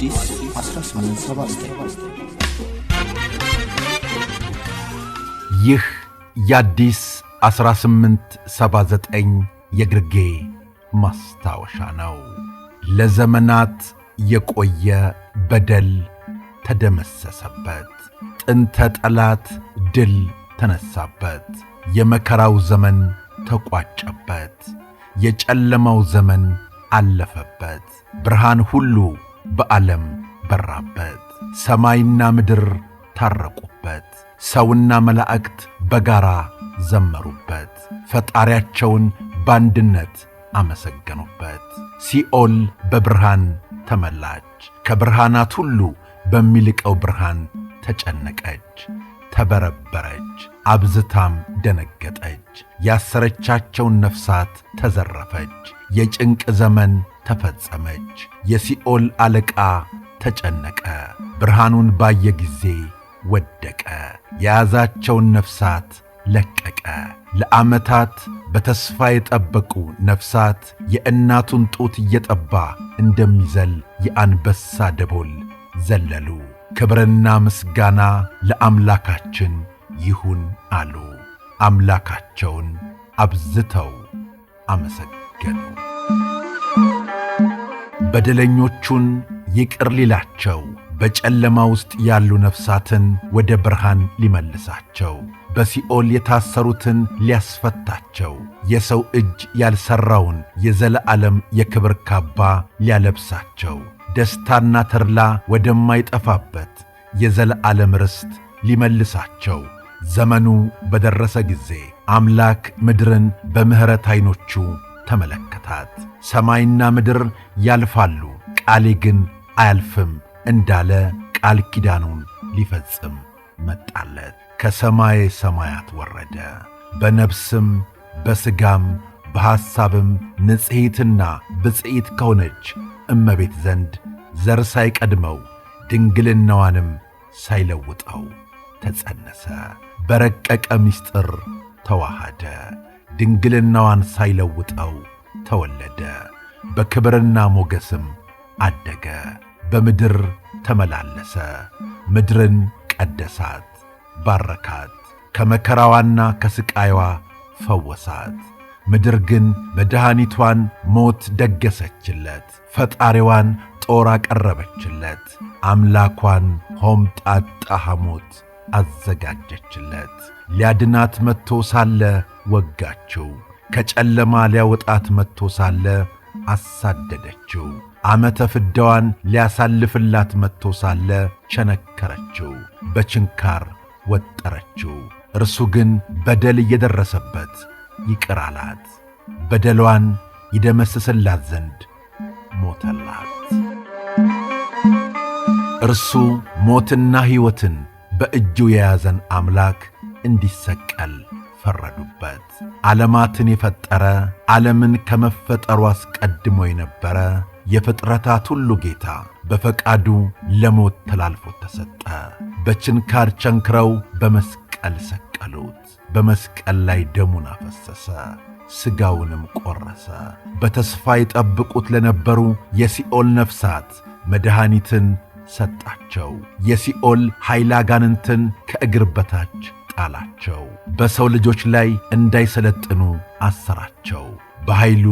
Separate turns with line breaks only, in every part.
አዲስ 1879 ይህ የአዲስ 1879 የግርጌ ማስታወሻ ነው። ለዘመናት የቆየ በደል ተደመሰሰበት፣ ጥንተ ጠላት ድል ተነሳበት፣ የመከራው ዘመን ተቋጨበት፣ የጨለማው ዘመን አለፈበት፣ ብርሃን ሁሉ በዓለም በራበት፣ ሰማይና ምድር ታረቁበት፣ ሰውና መላእክት በጋራ ዘመሩበት፣ ፈጣሪያቸውን በአንድነት አመሰገኑበት። ሲኦል በብርሃን ተመላች፣ ከብርሃናት ሁሉ በሚልቀው ብርሃን ተጨነቀች፣ ተበረበረች፣ አብዝታም ደነገጠች። ያሰረቻቸውን ነፍሳት ተዘረፈች። የጭንቅ ዘመን ተፈጸመች። የሲኦል አለቃ ተጨነቀ። ብርሃኑን ባየ ጊዜ ወደቀ። የያዛቸውን ነፍሳት ለቀቀ። ለዓመታት በተስፋ የጠበቁ ነፍሳት የእናቱን ጡት እየጠባ እንደሚዘል የአንበሳ ደቦል ዘለሉ። ክብርና ምስጋና ለአምላካችን ይሁን አሉ። አምላካቸውን አብዝተው አመሰገኑ። በደለኞቹን ይቅር ሊላቸው፣ በጨለማ ውስጥ ያሉ ነፍሳትን ወደ ብርሃን ሊመልሳቸው፣ በሲኦል የታሰሩትን ሊያስፈታቸው፣ የሰው እጅ ያልሠራውን የዘለዓለም የክብር ካባ ሊያለብሳቸው፣ ደስታና ተድላ ወደማይጠፋበት የዘለዓለም ርስት ሊመልሳቸው ዘመኑ በደረሰ ጊዜ አምላክ ምድርን በምሕረት ዐይኖቹ ተመለከታት። ሰማይና ምድር ያልፋሉ፣ ቃሌ ግን አያልፍም እንዳለ ቃል ኪዳኑን ሊፈጽም መጣለት። ከሰማይ ሰማያት ወረደ። በነፍስም በሥጋም በሐሳብም ንጽሕትና ብፅዕት ከሆነች እመቤት ዘንድ ዘር ሳይቀድመው ድንግልናዋንም ሳይለውጠው ተጸነሰ። በረቀቀ ምስጢር ተዋሃደ። ድንግልናዋን ሳይለውጠው ተወለደ። በክብርና ሞገስም አደገ። በምድር ተመላለሰ። ምድርን ቀደሳት፣ ባረካት። ከመከራዋና ከሥቃይዋ ፈወሳት። ምድር ግን መድኃኒቷን ሞት ደገሰችለት። ፈጣሪዋን ጦር አቀረበችለት። አምላኳን ሆምጣጣ ሐሞት አዘጋጀችለት። ሊያድናት መጥቶ ሳለ ወጋቸው ከጨለማ ሊያወጣት መጥቶ ሳለ አሳደደችው። ዓመተ ፍዳዋን ሊያሳልፍላት መጥቶ ሳለ ቸነከረችው፣ በችንካር ወጠረችው። እርሱ ግን በደል እየደረሰበት ይቅር አላት። በደሏን ይደመስስላት ዘንድ ሞተላት። እርሱ ሞትና ሕይወትን በእጁ የያዘን አምላክ እንዲሰቀል ፈረዱበት። ዓለማትን የፈጠረ ዓለምን ከመፈጠሩ አስቀድሞ የነበረ የፍጥረታት ሁሉ ጌታ በፈቃዱ ለሞት ተላልፎ ተሰጠ። በችንካር ቸንክረው በመስቀል ሰቀሉት። በመስቀል ላይ ደሙን አፈሰሰ፣ ሥጋውንም ቆረሰ። በተስፋ ይጠብቁት ለነበሩ የሲኦል ነፍሳት መድኃኒትን ሰጣቸው። የሲኦል ኃይለ አጋንንትን ከእግር በታች አላቸው። በሰው ልጆች ላይ እንዳይሰለጥኑ አሰራቸው። በኃይሉ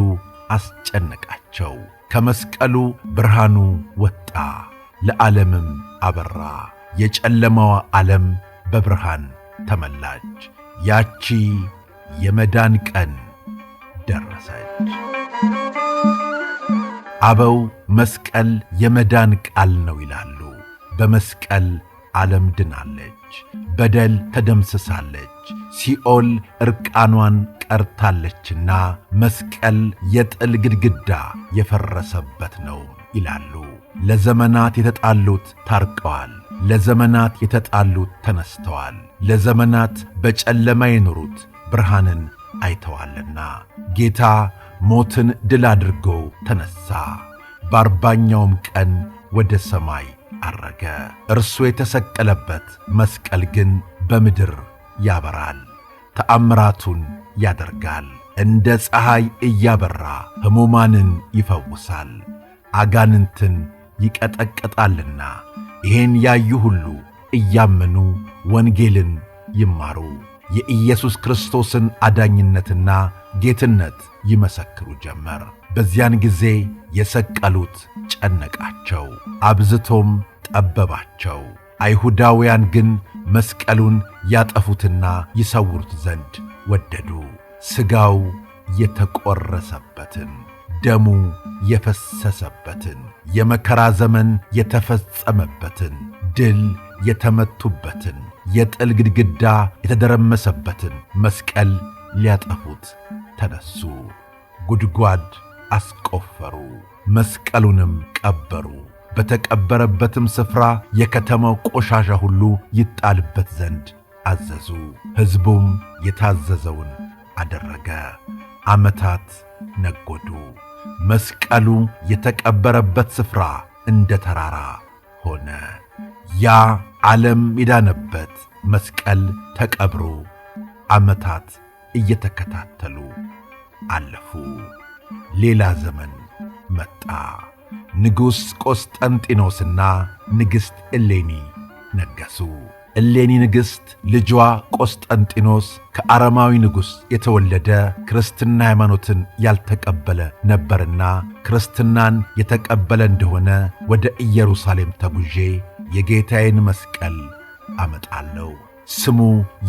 አስጨነቃቸው። ከመስቀሉ ብርሃኑ ወጣ፣ ለዓለምም አበራ። የጨለማዋ ዓለም በብርሃን ተመላች። ያቺ የመዳን ቀን ደረሰች። አበው መስቀል የመዳን ቃል ነው ይላሉ። በመስቀል ዓለም ድናለች፣ በደል ተደምስሳለች፣ ሲኦል ዕርቃኗን ቀርታለችና መስቀል የጥል ግድግዳ የፈረሰበት ነው ይላሉ። ለዘመናት የተጣሉት ታርቀዋል። ለዘመናት የተጣሉት ተነስተዋል። ለዘመናት በጨለማ የኖሩት ብርሃንን አይተዋልና ጌታ ሞትን ድል አድርጎ ተነሣ። በአርባኛውም ቀን ወደ ሰማይ አረገ! እርሱ የተሰቀለበት መስቀል ግን በምድር ያበራል፣ ተአምራቱን ያደርጋል። እንደ ፀሐይ እያበራ ሕሙማንን ይፈውሳል፣ አጋንንትን ይቀጠቅጣልና። ይህን ያዩ ሁሉ እያመኑ ወንጌልን ይማሩ። የኢየሱስ ክርስቶስን አዳኝነትና ጌትነት ይመሰክሩ ጀመር። በዚያን ጊዜ የሰቀሉት ጨነቃቸው፣ አብዝቶም ጠበባቸው። አይሁዳውያን ግን መስቀሉን ያጠፉትና ይሰውሩት ዘንድ ወደዱ። ሥጋው የተቈረሰበትን ደሙ የፈሰሰበትን የመከራ ዘመን የተፈጸመበትን ድል የተመቱበትን የጥል ግድግዳ የተደረመሰበትን መስቀል ሊያጠፉት ተነሱ። ጉድጓድ አስቆፈሩ፣ መስቀሉንም ቀበሩ። በተቀበረበትም ስፍራ የከተማው ቆሻሻ ሁሉ ይጣልበት ዘንድ አዘዙ። ሕዝቡም የታዘዘውን አደረገ። ዓመታት ነጎዱ። መስቀሉ የተቀበረበት ስፍራ እንደ ተራራ ሆነ። ያ ዓለም የዳነበት መስቀል ተቀብሮ ዓመታት እየተከታተሉ አለፉ። ሌላ ዘመን መጣ። ንጉሥ ቆስጠንጢኖስና ንግሥት እሌኒ ነገሡ። እሌኒ ንግሥት ልጇ ቆስጠንጢኖስ ከአረማዊ ንጉሥ የተወለደ ክርስትና ሃይማኖትን ያልተቀበለ ነበርና ክርስትናን የተቀበለ እንደሆነ ወደ ኢየሩሳሌም ተጉዤ የጌታዬን መስቀል አመጣለሁ። ስሙ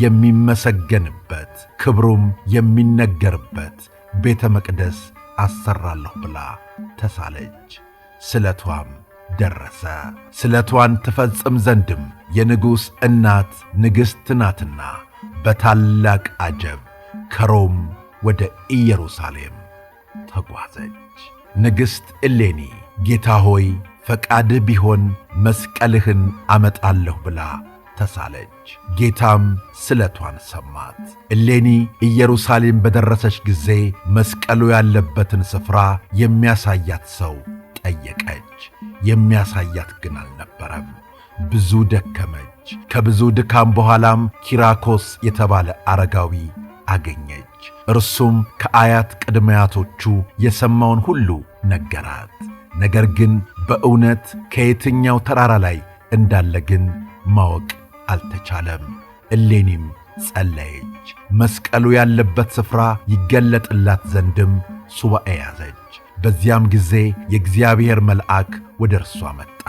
የሚመሰገንበት ክብሩም የሚነገርበት ቤተ መቅደስ አሰራለሁ ብላ ተሳለች። ስለቷም ደረሰ። ስለቷን ትፈጽም ዘንድም የንጉሥ እናት ንግሥት ናትና በታላቅ አጀብ ከሮም ወደ ኢየሩሳሌም ተጓዘች። ንግሥት እሌኒ ጌታ ሆይ ፈቃድ ቢሆን መስቀልህን አመጣለሁ ብላ ተሳለች። ጌታም ስለቷን ሰማት። እሌኒ ኢየሩሳሌም በደረሰች ጊዜ መስቀሉ ያለበትን ስፍራ የሚያሳያት ሰው ጠየቀች። የሚያሳያት ግን አልነበረም። ብዙ ደከመች። ከብዙ ድካም በኋላም ኪራኮስ የተባለ አረጋዊ አገኘች። እርሱም ከአያት ቅድመ አያቶቹ የሰማውን ሁሉ ነገራት። ነገር ግን በእውነት ከየትኛው ተራራ ላይ እንዳለ ግን ማወቅ አልተቻለም። እሌኒም ጸለየች። መስቀሉ ያለበት ስፍራ ይገለጥላት ዘንድም ሱባኤ ያዘች። በዚያም ጊዜ የእግዚአብሔር መልአክ ወደ እርሷ መጣ።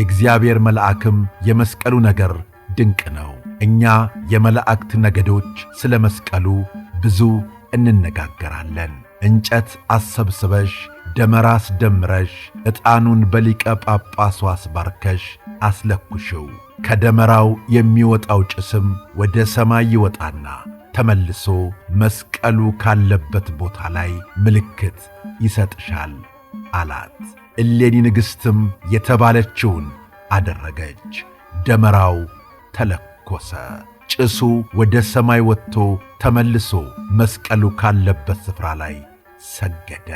የእግዚአብሔር መልአክም የመስቀሉ ነገር ድንቅ ነው፣ እኛ የመላእክት ነገዶች ስለ መስቀሉ ብዙ እንነጋገራለን፣ እንጨት አሰብስበሽ ደመራ አስደምረሽ ዕጣኑን በሊቀ ጳጳሱ አስባርከሽ አስለኩሽው። ከደመራው የሚወጣው ጭስም ወደ ሰማይ ይወጣና ተመልሶ መስቀሉ ካለበት ቦታ ላይ ምልክት ይሰጥሻል አላት። እሌኒ ንግሥትም የተባለችውን አደረገች። ደመራው ተለኮሰ። ጭሱ ወደ ሰማይ ወጥቶ ተመልሶ መስቀሉ ካለበት ስፍራ ላይ ሰገደ።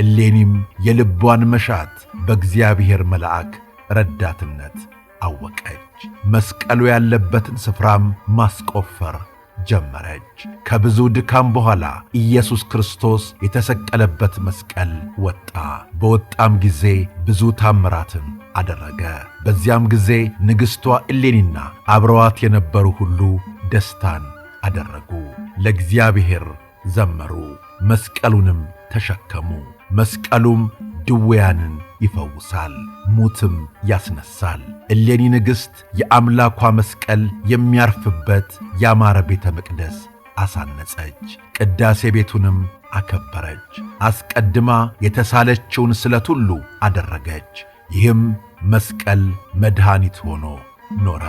እሌኒም የልቧን መሻት በእግዚአብሔር መልአክ ረዳትነት አወቀች። መስቀሉ ያለበትን ስፍራም ማስቆፈር ጀመረች። ከብዙ ድካም በኋላ ኢየሱስ ክርስቶስ የተሰቀለበት መስቀል ወጣ። በወጣም ጊዜ ብዙ ታምራትን አደረገ። በዚያም ጊዜ ንግሥቷ እሌኒና አብረዋት የነበሩ ሁሉ ደስታን አደረጉ። ለእግዚአብሔር ዘመሩ፣ መስቀሉንም ተሸከሙ። መስቀሉም ድውያንን ይፈውሳል፣ ሙትም ያስነሳል። እሌኒ ንግሥት የአምላኳ መስቀል የሚያርፍበት ያማረ ቤተ መቅደስ አሳነጸች፣ ቅዳሴ ቤቱንም አከበረች። አስቀድማ የተሳለችውን ስለት ሁሉ አደረገች። ይህም መስቀል መድኃኒት ሆኖ ኖረ።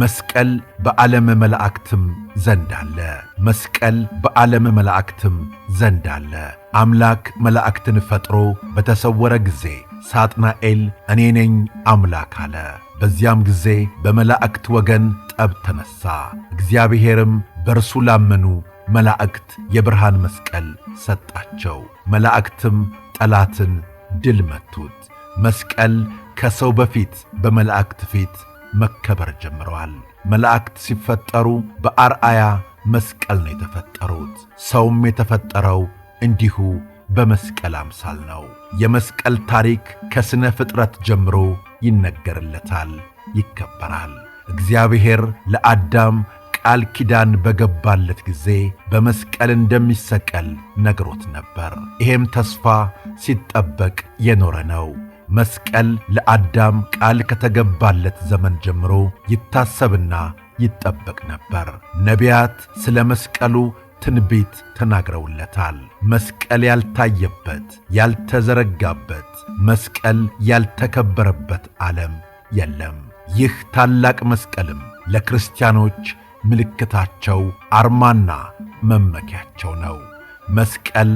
መስቀል በዓለም መላእክትም ዘንድ አለ። መስቀል በዓለም መላእክትም ዘንድ አለ። አምላክ መላእክትን ፈጥሮ በተሰወረ ጊዜ ሳጥናኤል እኔ ነኝ አምላክ አለ። በዚያም ጊዜ በመላእክት ወገን ጠብ ተነሣ። እግዚአብሔርም በእርሱ ላመኑ መላእክት የብርሃን መስቀል ሰጣቸው። መላእክትም ጠላትን ድል መቱት። መስቀል ከሰው በፊት በመላእክት ፊት መከበር ጀምረዋል። መላእክት ሲፈጠሩ በአርአያ መስቀል ነው የተፈጠሩት። ሰውም የተፈጠረው እንዲሁ በመስቀል አምሳል ነው። የመስቀል ታሪክ ከሥነ ፍጥረት ጀምሮ ይነገርለታል፣ ይከበራል። እግዚአብሔር ለአዳም ቃል ኪዳን በገባለት ጊዜ በመስቀል እንደሚሰቀል ነግሮት ነበር። ይሄም ተስፋ ሲጠበቅ የኖረ ነው። መስቀል ለአዳም ቃል ከተገባለት ዘመን ጀምሮ ይታሰብና ይጠበቅ ነበር። ነቢያት ስለ መስቀሉ ትንቢት ተናግረውለታል። መስቀል ያልታየበት፣ ያልተዘረጋበት፣ መስቀል ያልተከበረበት ዓለም የለም። ይህ ታላቅ መስቀልም ለክርስቲያኖች ምልክታቸው፣ አርማና መመኪያቸው ነው። መስቀል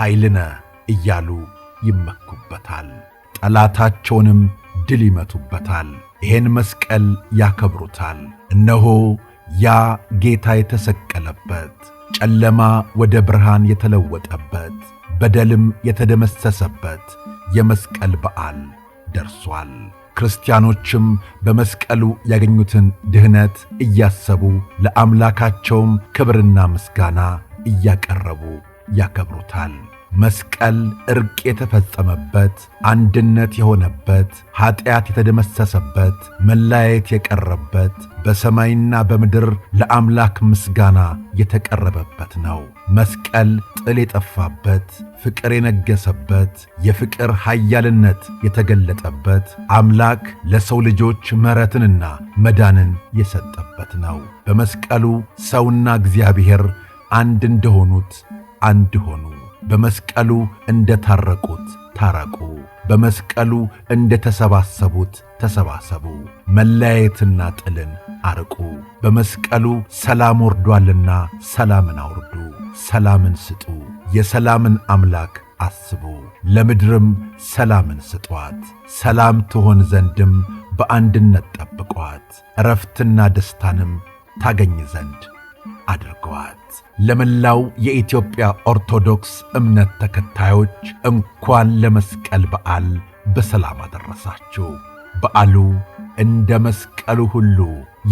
ኃይልነ እያሉ ይመኩበታል። ጠላታቸውንም ድል ይመቱበታል። ይሄን መስቀል ያከብሩታል። እነሆ ያ ጌታ የተሰቀለበት ጨለማ ወደ ብርሃን የተለወጠበት በደልም የተደመሰሰበት የመስቀል በዓል ደርሷል። ክርስቲያኖችም በመስቀሉ ያገኙትን ድኅነት እያሰቡ ለአምላካቸውም ክብርና ምስጋና እያቀረቡ ያከብሩታል። መስቀል እርቅ የተፈጸመበት፣ አንድነት የሆነበት፣ ኀጢአት የተደመሰሰበት፣ መለያየት የቀረበት፣ በሰማይና በምድር ለአምላክ ምስጋና የተቀረበበት ነው። መስቀል ጥል የጠፋበት፣ ፍቅር የነገሰበት፣ የፍቅር ኃያልነት የተገለጠበት፣ አምላክ ለሰው ልጆች ምሕረትንና መዳንን የሰጠበት ነው። በመስቀሉ ሰውና እግዚአብሔር አንድ እንደሆኑት አንድ ሆኑ። በመስቀሉ እንደ ታረቁት ታረቁ። በመስቀሉ እንደተሰባሰቡት ተሰባሰቡ። መለያየትና ጥልን አርቁ። በመስቀሉ ሰላም ወርዷልና ሰላምን አውርዱ። ሰላምን ስጡ። የሰላምን አምላክ አስቡ። ለምድርም ሰላምን ስጧት። ሰላም ትሆን ዘንድም በአንድነት ጠብቋት። ዕረፍትና ደስታንም ታገኝ ዘንድ አድርገዋል። ለመላው የኢትዮጵያ ኦርቶዶክስ እምነት ተከታዮች እንኳን ለመስቀል በዓል በሰላም አደረሳችሁ። በዓሉ እንደ መስቀሉ ሁሉ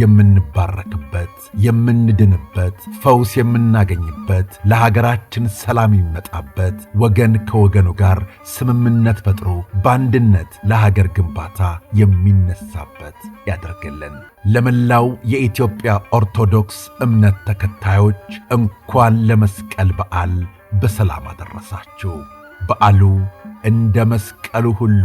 የምንባረክበት፣ የምንድንበት፣ ፈውስ የምናገኝበት፣ ለሀገራችን ሰላም የሚመጣበት፣ ወገን ከወገኑ ጋር ስምምነት ፈጥሮ በአንድነት ለሀገር ግንባታ የሚነሳበት ያደርግልን። ለመላው የኢትዮጵያ ኦርቶዶክስ እምነት ተከታዮች እንኳን ለመስቀል በዓል በሰላም አደረሳችሁ። በዓሉ እንደ መስቀሉ ሁሉ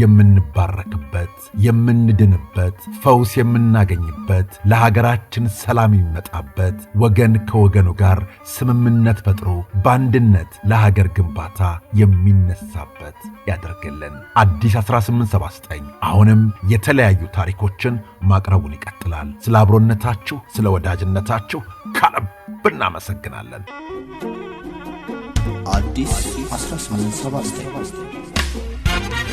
የምንባረክበት፣ የምንድንበት፣ ፈውስ የምናገኝበት፣ ለሀገራችን ሰላም የሚመጣበት፣ ወገን ከወገኑ ጋር ስምምነት ፈጥሮ በአንድነት ለሀገር ግንባታ የሚነሳበት ያደርግልን። አዲስ 1879 አሁንም የተለያዩ ታሪኮችን ማቅረቡን ይቀጥላል። ስለ አብሮነታችሁ፣ ስለ ወዳጅነታችሁ ከልብ እናመሰግናለን። አዲስ 1879